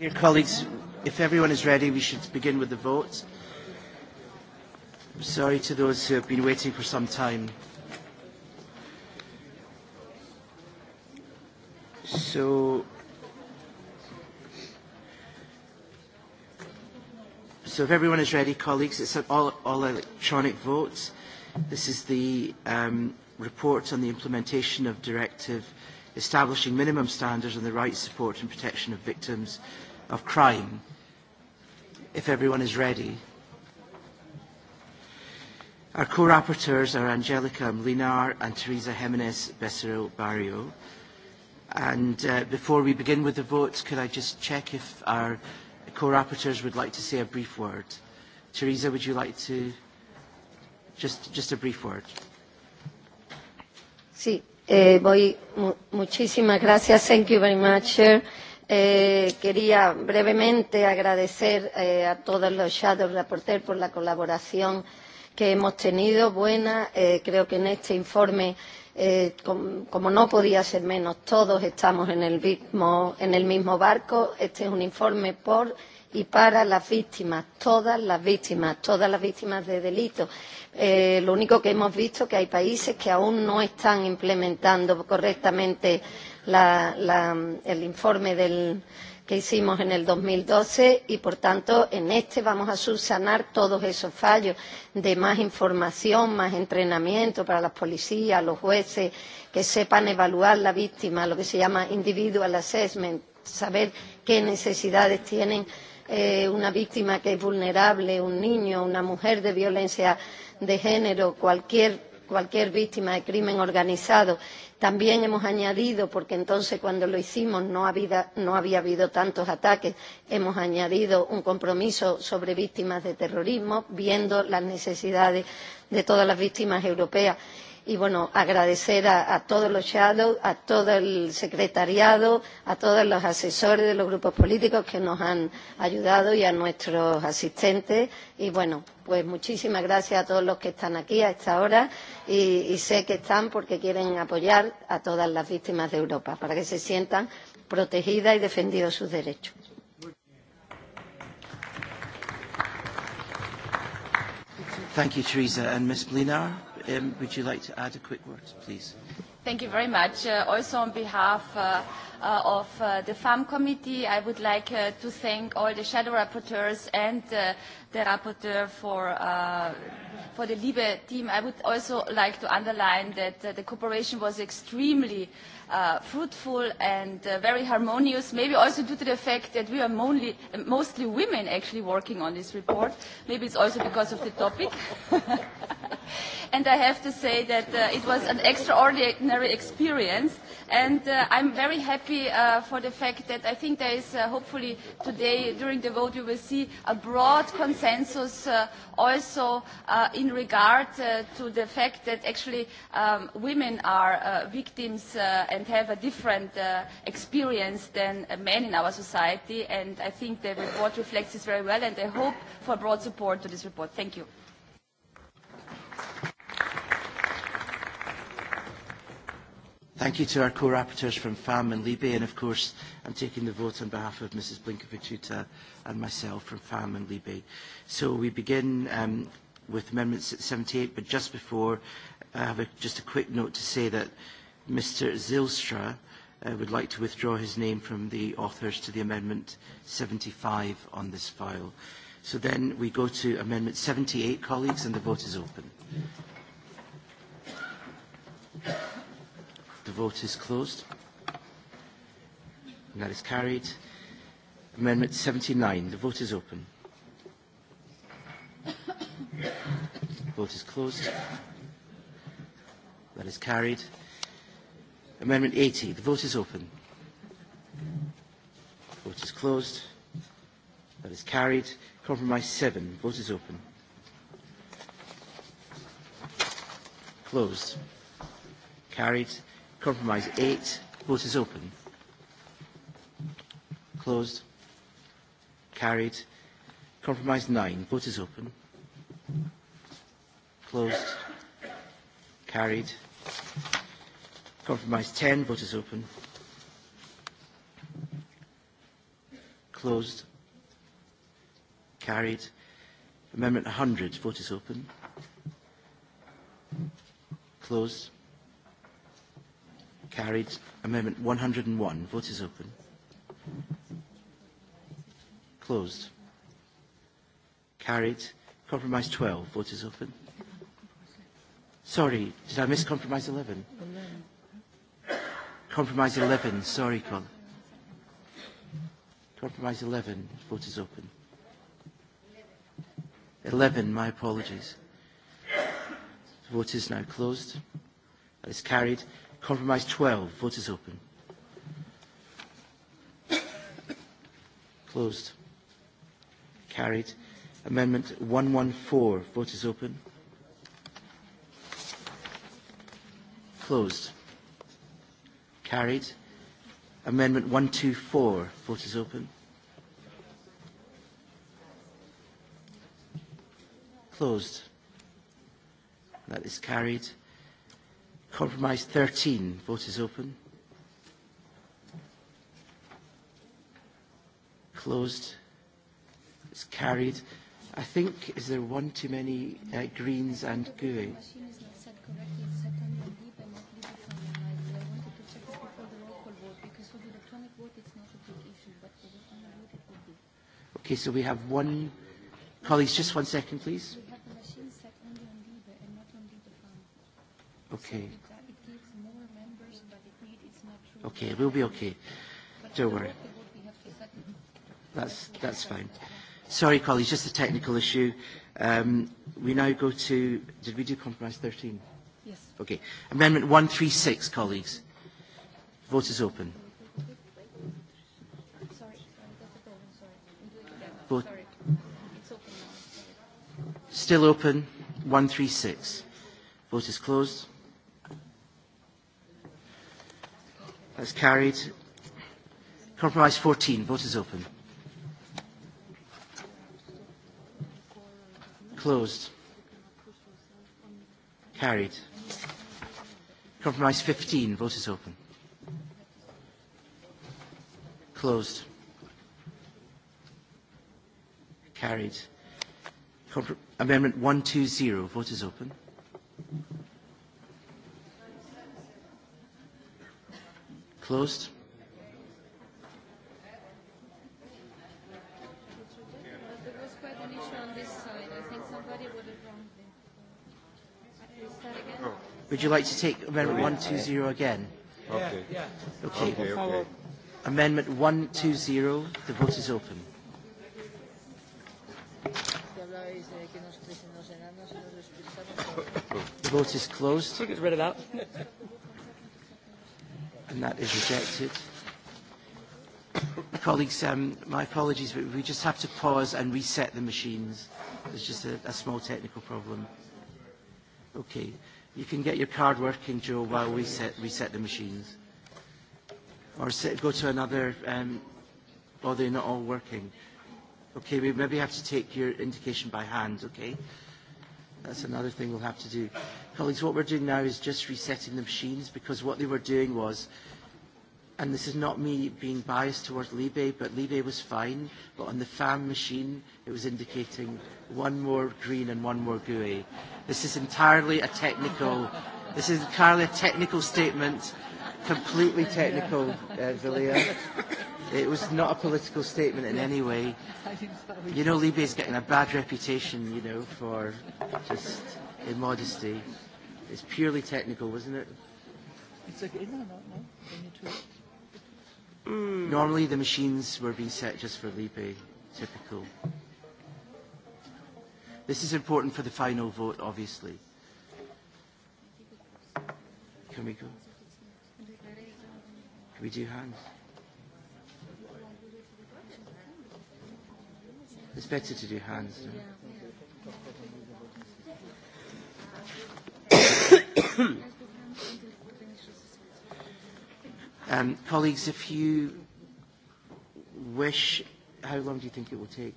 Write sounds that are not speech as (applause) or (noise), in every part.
Dear colleagues, if everyone is ready, we should begin with the vote. sorry to those who have been waiting for some time. So, so if everyone is ready, colleagues, it's an all, all electronic vote. This is the um, report on the implementation of Directive establishing minimum standards on the rights, support and protection of victims of crime, if everyone is ready. Our co-rapporteurs are Angelica Mlinar and Teresa Jimenez Bessero Barrio. And uh, before we begin with the vote, could I just check if our co-rapporteurs would like to say a brief word? Teresa, would you like to... Just, just a brief word. Sí, eh, voy. muchísimas gracias. Thank you very much, Chair. Eh, quería brevemente agradecer eh, a todos los shadow reporters por la colaboración que hemos tenido buena. Eh, creo que en este informe, eh, como no podía ser menos, todos estamos en el, mismo, en el mismo barco. Este es un informe por y para las víctimas, todas las víctimas, todas las víctimas de delitos. Eh, lo único que hemos visto es que hay países que aún no están implementando correctamente la, el informe del, que hicimos en el 2012 y, por tanto, en este vamos a subsanar todos esos fallos de más información, más entrenamiento para las policías, los jueces, que sepan evaluar la víctima, lo que se llama individual assessment, saber qué necesidades tienen eh, una víctima que es vulnerable, un niño, una mujer de violencia de género, cualquier, cualquier víctima de crimen organizado También hemos añadido, porque entonces cuando lo hicimos no había, habido tantos ataques, hemos añadido un compromiso sobre víctimas de terrorismo, viendo las necesidades de todas las víctimas europeas y bueno, agradecer a, todos los shadows, a todo el secretariado, a todos los asesores de los grupos políticos que nos han ayudado y a nuestros asistentes. Y bueno, pues muchísimas gracias a todos los que están aquí a esta hora y, y sé que están porque quieren apoyar a todas las víctimas de Europa para que se sientan protegidas y defendidos sus derechos. Thank you, Teresa. And Ms. Blinar? Um, would you like to add a quick word, please? Thank you very much. Uh, also on behalf uh, Uh, of uh, the FAM committee. I would like uh, to thank all the shadow rapporteurs and uh, the rapporteur for, uh, for the LIBE team. I would also like to underline that uh, the cooperation was extremely uh, fruitful and uh, very harmonious, maybe also due to the fact that we are mostly, women actually working on this report. Maybe it's also because of the topic. (laughs) and I have to say that uh, it was an extraordinary experience, and uh, I'm very happy Uh, for the fact that I think there is uh, hopefully today during the vote you will see a broad consensus uh, also in regard to the fact that actually um, women are victims and have a different experience than men in our society and I think the report reflects this very well and I hope for broad support to this report. Thank you. Thank you to our co-rapporteurs from FAM and LIBE, and of course, I'm taking the vote on behalf of Mrs. Blinkovichuta and myself from FAM and LIBE. So we begin um, with Amendment 78, but just before, I have a, just a quick note to say that Mr. Zilstra uh, would like to withdraw his name from the authors to the Amendment 75 on this file. So then we go to Amendment 78, colleagues, and the vote is open. The vote is closed. And that is carried. Amendment 79. The vote is open. vote is closed. That is carried. Amendment 80. The vote is open. Vote is closed. That is carried. Compromise 7. Vote is open. Closed. Carried. Compromise 8. Vote is open. Closed. Carried. Compromise 9. Vote is open. Closed. Carried. Compromise 10. Vote is open. Closed. Carried. Amendment 100. Vote is open. Closed. Carried. Amendment 101. Vote is open. Closed. Carried. Compromise 12. Vote is open. Sorry, did I miss compromise 11? Compromise 11. Sorry, Colin. Compromise 11. Vote is open. 11. My apologies. The vote is now closed. That is carried. Compromise 12. Vote is open. Closed. Carried. Amendment 114. Vote is open. Closed. Carried. Amendment 124. Vote is open. Closed. That is carried. Compromise 13. Vote is open. Closed. It's carried. I think, is there one too many uh, greens and GUI? E? Okay, so we have one. Colleagues, just one second, please. Okay. Okay, we'll be okay. Don't worry. That's, that's fine. Sorry, colleagues, just a technical issue. Um, we now go to, did we do compromise 13? Yes. Okay. Amendment 136, colleagues. Vote is open. Vote. Still open, 136. Vote is closed. That's carried. Compromise 14. Vote is open. Closed. Carried. Compromise 15. Vote is open. Closed. Carried. Compr amendment 120. Vote is open. closed. Would you like to take Amendment 120 again? Okay. Okay. okay, okay. Amendment 120, the vote is open. (coughs) The vote is closed. I think it's read it out and that is rejected. Colleagues, um, my apologies, but we just have to pause and reset the machines. There's just a, a small technical problem. Okay. You can get your card working, Joe, while we set, reset the machines. Or set, go to another... Um, oh, they're not all working. Okay, we maybe have to take your indication by hand, okay? That's another thing we'll have to do. Colleagues, what we're doing now is just resetting the machines because what they were doing was, and this is not me being biased towards Libe, but Libe was fine, but on the fan machine it was indicating one more green and one more GUI. This is entirely a technical, this is entirely a technical statement, completely technical, uh, Vilea. It was not a political statement in any way. You know, Libya's getting a bad reputation, you know, for just immodesty. It's purely technical, wasn't it? It's okay. No, no, no. mm. Normally the machines were being set just for Libya. Typical. This is important for the final vote, obviously. Can we go? Can we do hands? It's better to do hands. (coughs) um, colleagues, if you wish, how long do you think it will take?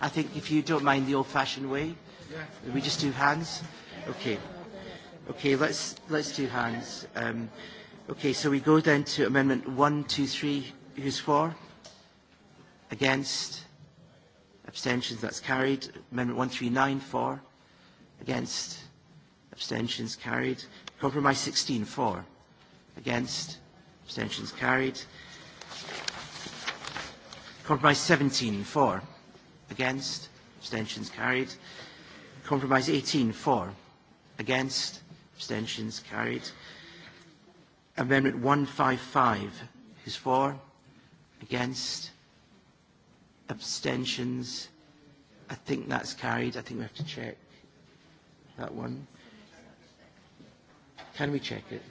I think if you don't mind the old-fashioned way, we just do hands. Okay. Okay, let's, let's do hands. Um, okay, so we go then to Amendment 1, 2, 3. Who's is for? Against? Abstentions, that's carried. Amendment 139 for? Against? Abstentions carried. Compromise 16 for? Against? Abstentions carried. Compromise 17 for? Against? Abstentions carried. Compromise 18 for? Against? Abstentions carried. Amendment 155 is for? Against? Abstentions? I think that's carried. I think we have to check that one. Can we check it?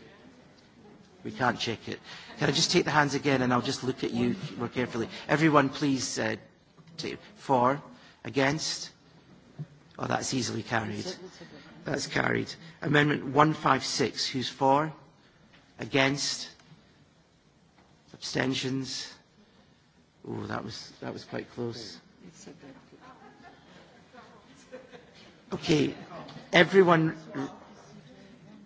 We can't check it. Can I just take the hands again and I'll just look at you more carefully. Everyone, please, uh, take for, against. Oh, that's easily carried. That's carried. Amendment 156, who's for? Against? Abstentions? Oh, that was, that was quite close. Okay, everyone.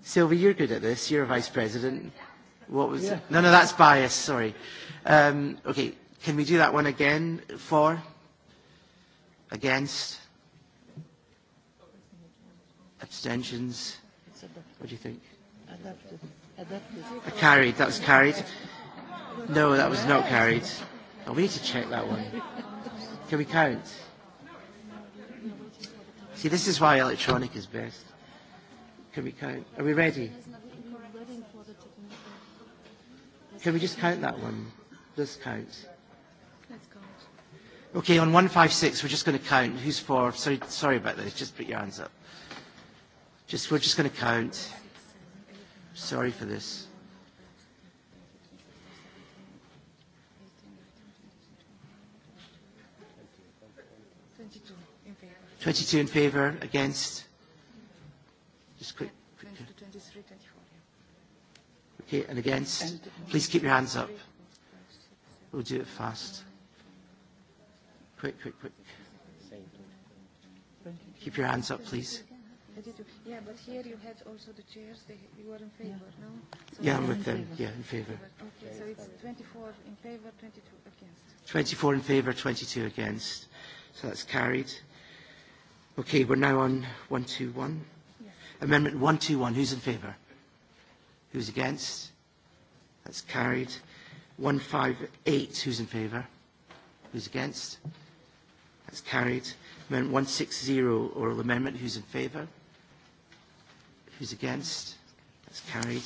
Sylvia, you're good at this. You're a vice president. What was? Yeah. No, no, that's bias. Sorry. Um, okay, can we do that one again? For, against, abstentions. What do you think? Adapted. Adapted. Carried. That was carried. No, that was not carried. Oh, we need to check that one? Can we count? See, this is why electronic is best. Can we count? Are we ready? Can we just count that one? This count. Okay, on 156, we're just going to count. Who's for? Sorry, sorry about this. Just put your hands up. Just, we're just going to count. Sorry for this. 22 in favour, against. Just quick. 23, 24. Okay, and against. Please keep your hands up. We'll do it fast. Quick, quick, quick. Keep your hands up, please. Yeah, but here you had also the chairs. They, you were in favor, no? yeah, I'm with them. Yeah, in favor. Okay, so it's 24 in favor, 22 against. 24 in favor, 22 against. So that's carried. Okay, we're now on 121. Yeah. Amendment 121, who's in favour? Who's against? That's carried. 158, who's in favour? Who's against? That's carried. Amendment 160, oral amendment, who's in favour? Who's against? That's carried.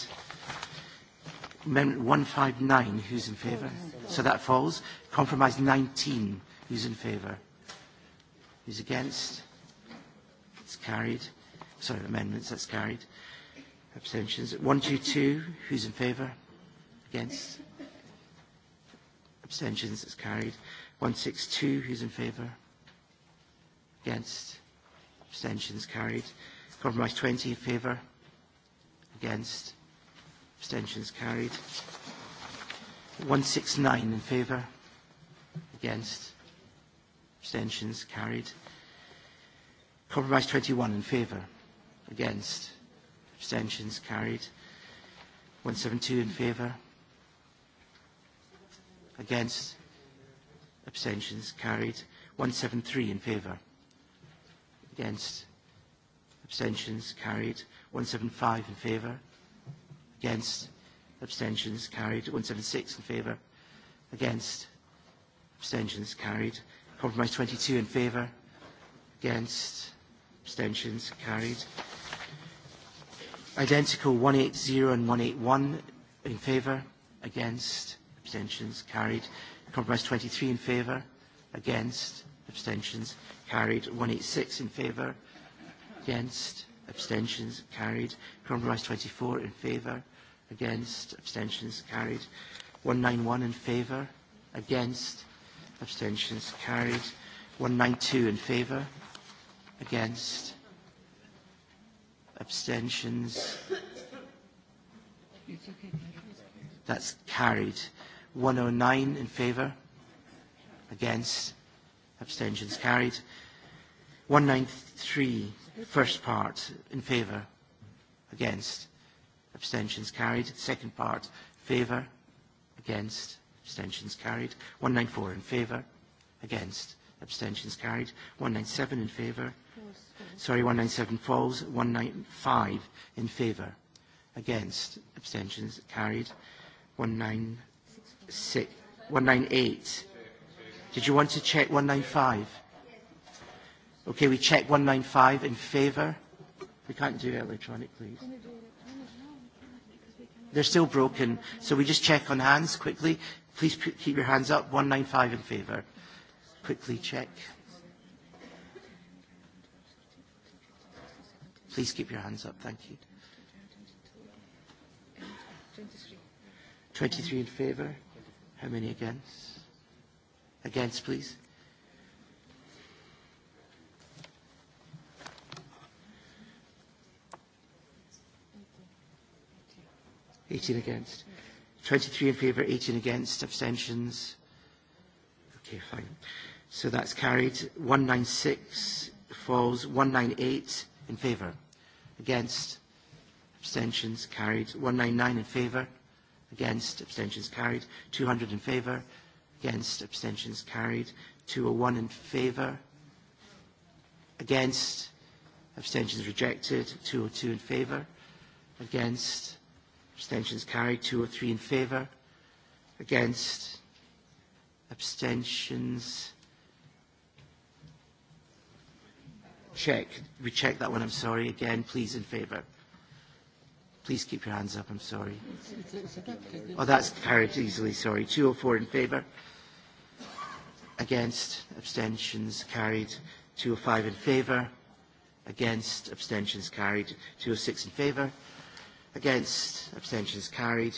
Amendment 159, who's in favour? So that falls. Compromise 19, who's in favour? Who's against? It's carried. Sorry, amendments, that's carried. Abstentions. 122, who's in favour? Against? Abstentions, that's carried. 162, who's in favour? Against? Abstentions, carried. Compromise 20 in favour? Against? Abstentions, carried. 169 in favour? Against? Abstentions, carried. Compromise 21 in favour. Against. Abstentions carried. 172 in favour. Against. Abstentions carried. 173 in favour. Against. Abstentions carried. 175 in favour. Against. Abstentions carried. 176 in favour. Against. Abstentions carried. Compromise 22 in favour. Against abstentions carried. Identical 180 and 181 in favour, against, abstentions carried. Compromise 23 in favour, against, abstentions carried. 186 in favour, against, abstentions carried. Compromise 24 in favour, against, abstentions carried. 191 in favour, against, abstentions carried. 192 in favour, Against? Abstentions? That's carried. 109 in favor? Against? Abstentions carried. 193, first part, in favor? Against? Abstentions carried. Second part, favor? Against? Abstentions carried. 194 in favor Against? Abstentions carried. 197 in favour. Sorry, 197 falls. 195 in favour. Against. Abstentions carried. 196, 198. Did you want to check 195? Okay, we check 195 in favour. We can't do it electronically. They're still broken, so we just check on hands quickly. Please keep your hands up. 195 in favour quickly check. Please keep your hands up. Thank you. 23 in favour. How many against? Against, please. Eighteen against. Twenty three in favour, eighteen against, abstentions Okay, fine. So that's carried. 196 falls. 198 in favour. Against. Abstentions carried. 199 in favour. Against. Abstentions carried. 200 in favour. Against. Abstentions carried. 201 in favour. Against. Abstentions rejected. 202 in favour. Against. Abstentions carried. 203 in favour. Against. Abstentions. Check. We check that one, I'm sorry. Again, please, in favour. Please keep your hands up, I'm sorry. Oh, that's carried easily, sorry. 204 in favour. Against. Abstentions. Carried. 205 in favour. Against. Abstentions. Carried. 206 in favour. Against. Abstentions. Carried.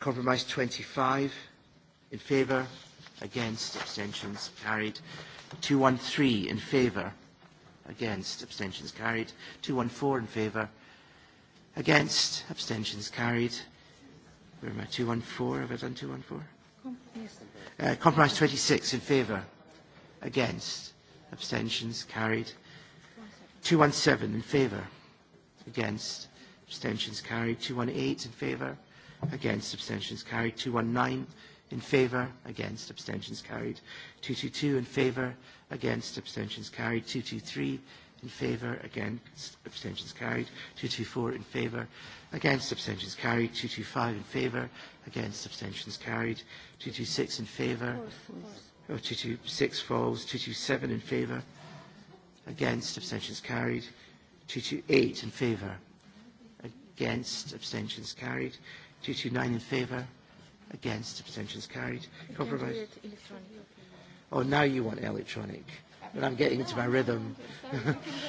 Compromise 25 in favour, against, abstentions carried. 213 in favour, against, abstentions carried. 214 in favour, against, abstentions carried. Where am I? 214? Have I done 214? Uh, compromise 26 in favour, against, abstentions carried. 217 in favour, against, abstentions carried. 218 in favour, against, abstentions carried. 219 in favour, against, abstentions carried. 222 in favour, against, abstentions carried. 223 in favour, against, abstentions carried. 224 in favour, against, abstentions carried. 225 in favour, against, abstentions carried. 226 in favour. Oh, 226 falls. 227 in favour, against, abstentions carried. 228 in favour, against, abstentions carried. 229 in favour, Against, abstentions carried. Compromise. Oh, now you want electronic. But I'm getting into my rhythm.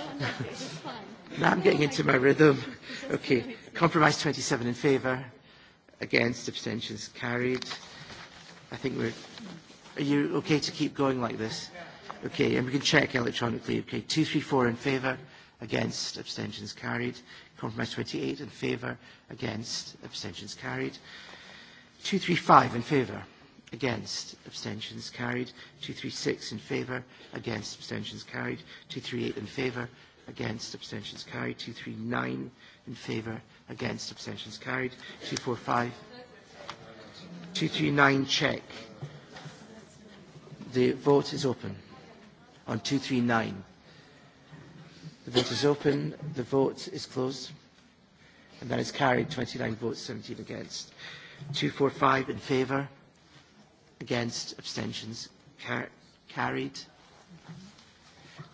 (laughs) now I'm getting into my rhythm. Okay. Compromise 27 in favour. Against, abstentions carried. I think we're... Are you okay to keep going like this? Okay, and we can check electronically. Okay, 234 in favour. Against, abstentions carried. Compromise 28 in favour. Against, abstentions carried. 235 in favour, against, abstentions carried. 236 in favour, against, abstentions carried. 238 in favour, against, abstentions carried. 239 in favour, against, abstentions carried. 245, 239 check. The vote is open on 239. The vote is open. The vote is closed. And that is carried 29 votes, 17 against. 245 in favour. Against. Abstentions. Car carried.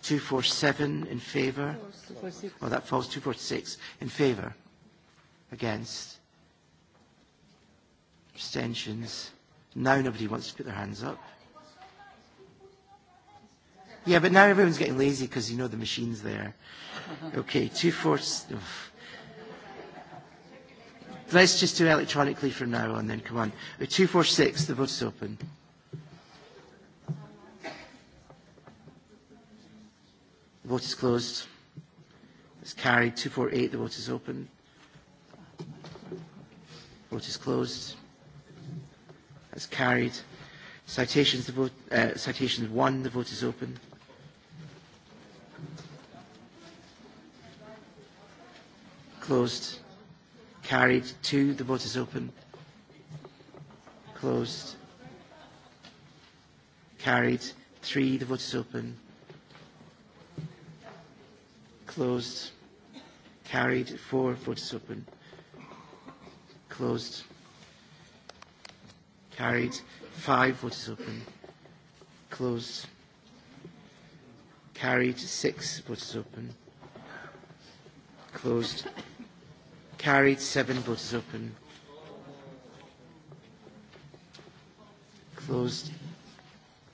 247 in favour. Oh, that falls. 246 in favour. Against. Abstentions. Now nobody wants to put their hands up. Yeah, but now everyone's getting lazy because you know the machine's there. (laughs) Okay, 247. Let's just do electronically from now on then, come on. 246, the vote's open. The vote is closed. It's carried. 248, the vote is open. Vote is closed. That's carried. Citations, the vote, uh, citations one, the vote is open. Closed carried. Two, the vote is open. Closed. Carried. Three, the vote is open. Closed. Carried. Four, vote is open. Closed. Carried. Five, vote is open. Closed. Carried. Six, vote open. Closed. Carried. Seven votes open. Closed.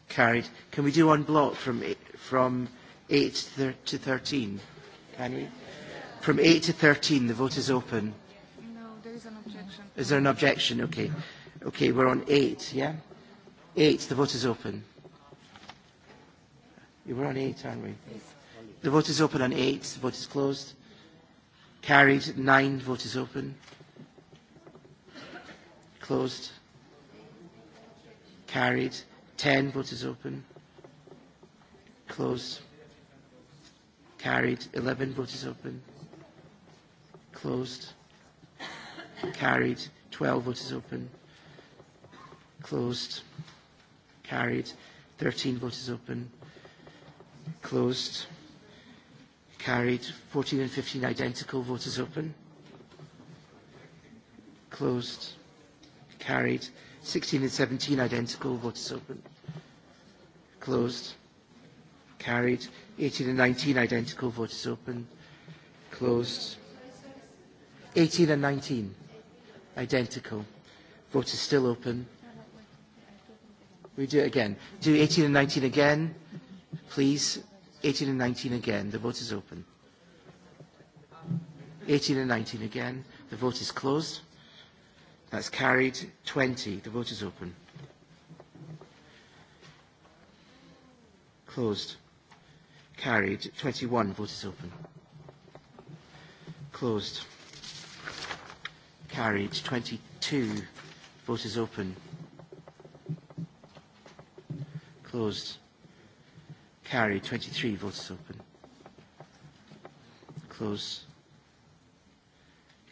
Carried. Can we do one block from eight, from eight to thirteen? Can we? From eight to thirteen, the vote is open. No, there is an objection. Is there an objection? Okay. Okay, we're on eight, yeah? Eight, the vote is open. You were on eight, aren't we? The vote is open on eight, The vote is closed. Carried. Nine. Vote is open. Closed. Carried. Ten. Vote is open. Closed. Carried. Eleven. Vote is open. Closed. Carried. Twelve. Vote is open. Closed. Carried. Thirteen. Vote is open. Closed carried. 14 and 15 identical. Vote is open. Closed. Carried. 16 and 17 identical. Vote is open. Closed. Carried. 18 and 19 identical. Vote is open. Closed. 18 and 19 identical. Vote is still open. We do it again. Do 18 and 19 again, please. 18 and 19 again. The vote is open. 18 and 19 again. The vote is closed. That's carried. 20. The vote is open. Closed. Carried. 21. Vote is open. Closed. Carried. 22. Vote is open. Closed. Carry. 23 votes open. Close.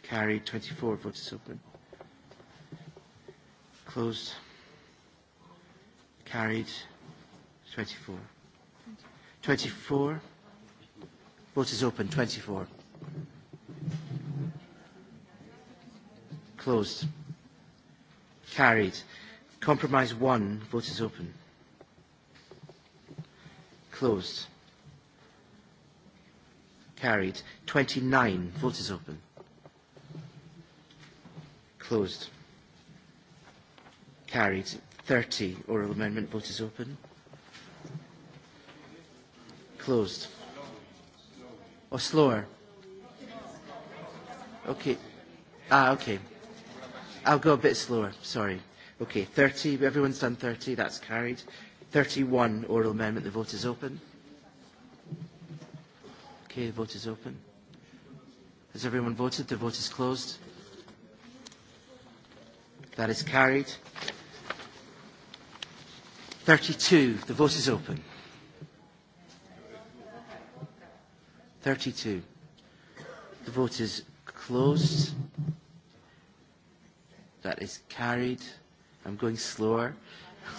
Carry. 24 votes open. Closed. Carried. 24. 24. votes is open. 24. Closed. Carried. Compromise 1. Vote is open. Closed. Carried. 29. Vote is open. Closed. Carried. 30. Oral amendment. Vote is open. Closed. Or oh, slower. Okay. Ah, okay. I'll go a bit slower. Sorry. Okay. 30. Everyone's done 30. That's carried. 31 oral amendment. The vote is open. Okay, the vote is open. Has everyone voted? The vote is closed. That is carried. 32. The vote is open. 32. The vote is closed. That is carried. I'm going slower. (laughs)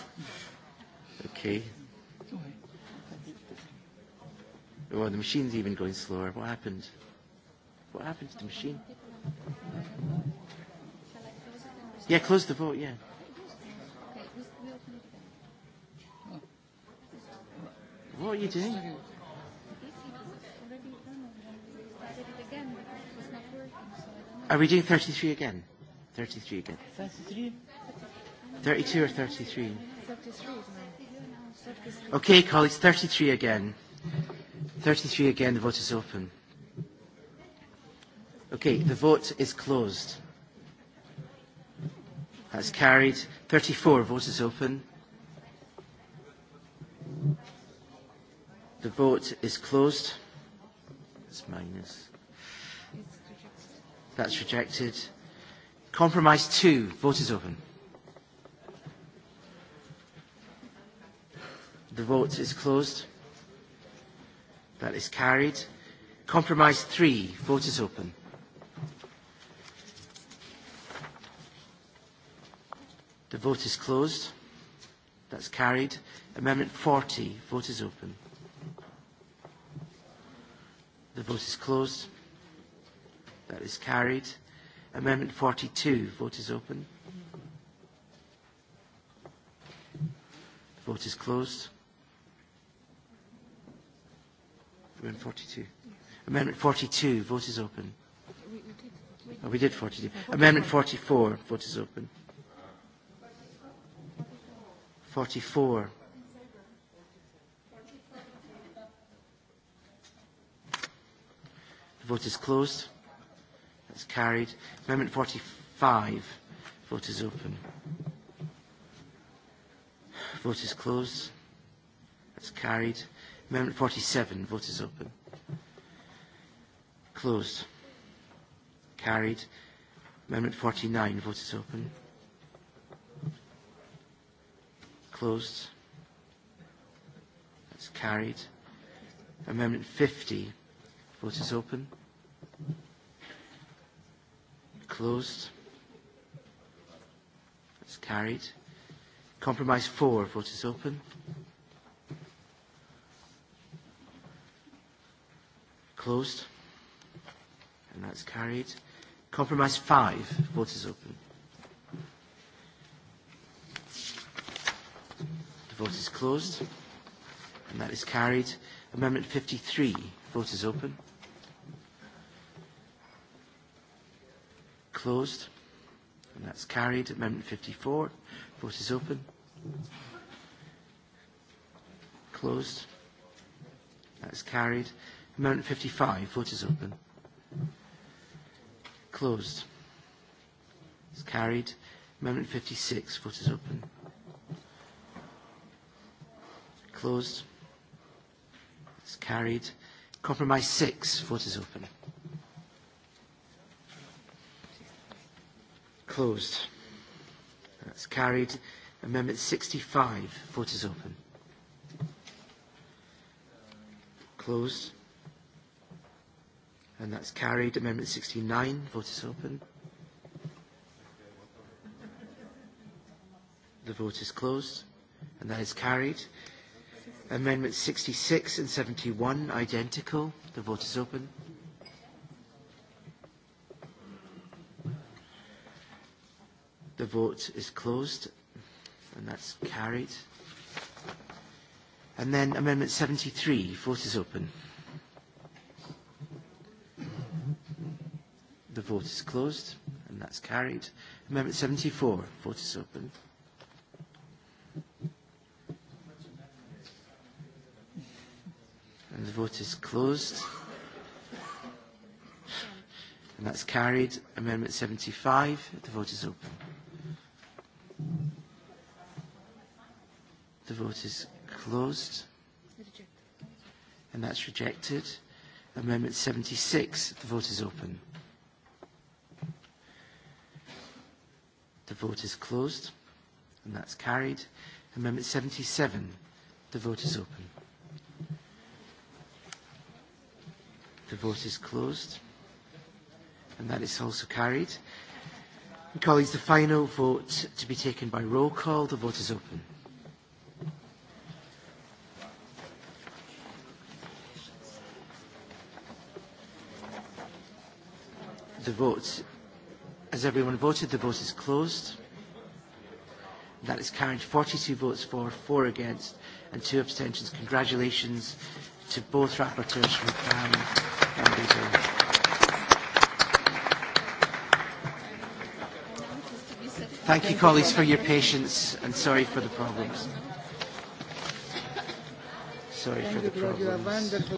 Okay. Oh, the machine's even going slower. What happened? What happened to the machine? Yeah, close the vote, yeah. What are you doing? Are we doing 33 again? 33 again. 33? 32 or 33? 33 Okay, colleagues, 33 again. 33 again, the vote is open. Okay, the vote is closed. That's carried. 34, vote is open. The vote is closed. It's minus. That's rejected. Compromise 2, vote is open. The vote is closed. That is carried. Compromise three, Vote is open. The vote is closed. That's carried. Amendment 40. Vote is open. The vote is closed. That is carried. Amendment 42. Vote is open. The vote is closed. Amendment 42. Amendment 42, vote is open. Oh, we did 42. Amendment 44, vote is open. 44. The vote is closed. That's carried. Amendment 45, vote is open. Vote is closed. That's carried. Amendment 47. Vote is open. Closed. Carried. Amendment 49. Vote is open. Closed. That's carried. Amendment 50. Vote is open. Closed. That's carried. Compromise 4. Vote is open. Closed. And that's carried. Compromise 5. Vote is open. The vote is closed. And that is carried. Amendment 53. Vote is open. Closed. And that's carried. Amendment 54. Vote is open. Closed. That's carried. Amendment 55. Vote is open. Closed. It's carried. Amendment 56. Vote is open. Closed. It's carried. Compromise 6. Vote is open. Closed. That's carried. Amendment 65. Vote is open. Closed. And that's carried. Amendment 69. Vote is open. The vote is closed. And that is carried. Amendments 66 and 71, identical. The vote is open. The vote is closed. And that's carried. And then Amendment 73. Vote is open. vote is closed, and that's carried. Amendment 74, vote is open. And the vote is closed. And that's carried. Amendment 75, the vote is open. The vote is closed. And that's rejected. Amendment 76, the vote is open. The vote is closed, and that's carried. Amendment 77. The vote is open. The vote is closed, and that is also carried. And colleagues, the final vote to be taken by roll call. The vote is open. The vote Has everyone voted? The vote is closed. That is carried 42 votes for, four against and two abstentions. Congratulations to both rapporteurs from PAM and Thank you, colleagues, for your patience and sorry for the problems. Sorry for the problems.